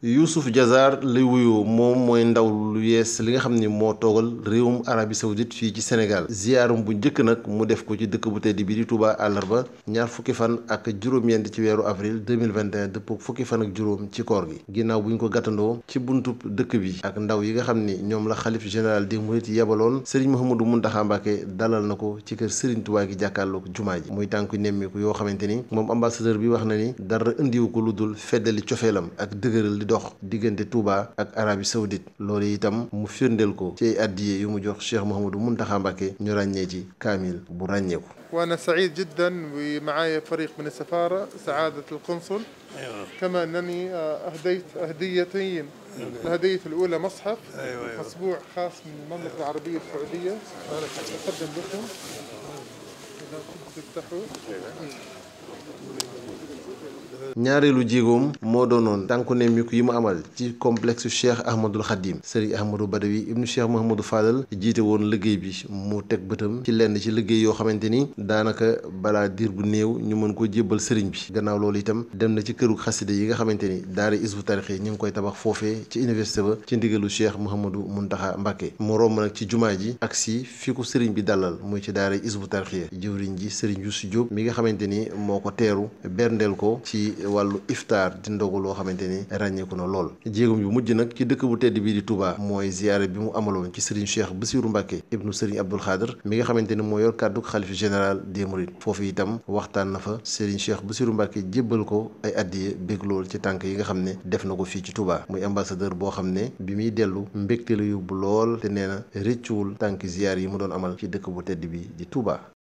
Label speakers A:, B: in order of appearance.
A: Youssouf Diazar lay wuyoo moom mooy ndaw lu yees li nga xam ni moo toogal réewum Arabie Saoudite fii ci senegal ziyaarum bu njëkk nag mu def ko ci dëkk bu tedd bi di Touba àllarba ñaar fukki fan ak juróom-ñeent ci weeru avril 2021 dëpp fukki fan ak juróom ci koor gi ginnaaw bu ñu ko gàttandoo ci buntub dëkk bi ak ndaw yi nga xam ni ñoom la xalif général di mourides yebaloon Serigne Mouhamadou Mountakha Mbacké dalal na ko ci kër Serigne tuwaa gi jàkkaarloog jumaa ji muy tànku nemmiku yoo xamante ni moom ambassadeur bi wax na dara indiwu ko lu dul feddali cofeelam ak dox diggante Touba ak Arabie Saoudite loolu itam mu firndeel ko ci ay addiye yu mu jox Cheikh Mouhamadou Mountakha Mbacké ñu ràññee ci kaamil bu ràññeeku.
B: وأنا سعيد جدا ومعاي فريق من السفارة سعادة القنصل أيوة. كما أنني أهديت هديتين الهدية الأولى مصحف أيوة. مطبوع خاص من المملكة العربية السعودية أقدم لكم إذا تفتحوا
A: ñaareelu jéegoom moo doonoon tànku nemmiku yi mu amal ci complexe cheikh ahmadul xadim sëriñ ahmadou badawi ibnu cheikh mahamadou fadal jiite woon liggéey bi mu teg bëtam ci lenn ci liggéey yoo xamante ni daanaka balaa diir bu néew ñu mën ko jébbal sëriñ bi gannaaw loolu itam dem na ci këru xasida yi nga xamante ni daara isbu tarixi ñu ngi koy tabax foofee ci université ba ci ndigalu cheikh mahamadou muntaxa mbàkke mu romb nag ci jumaa ji ak si ko sëriñ bi dalal muy ci daara isbu tarixi jëwriñ ji sëriñ yusu jóob mi nga xamante ni moo ko teeru berndeel ko ci wàllu iftaar di ndogu loo xamante ni ràññeeku na lool jéegum yu mujj nag ci dëkk bu tedd bii di Touba mooy ziyaare bi mu amaloon ci Serigne Cheikh Bassirou Mbacké ibnu Serigne Abdoul Khadr mi nga xamante ni mooy yor kàddu xalif général des Mourides foofu itam waxtaan na fa Serigne Cheikh Bassirou Mbacké jébbal ko ay addiye bég lool ci tànk yi nga xam ne def na ko fii ci Touba muy ambassadeur boo xam ne bi muy dellu mbégte la yóbbu lool te nee na rëccuwul tànk ziyaar yi mu doon amal ci dëkk bu tedd bi di Touba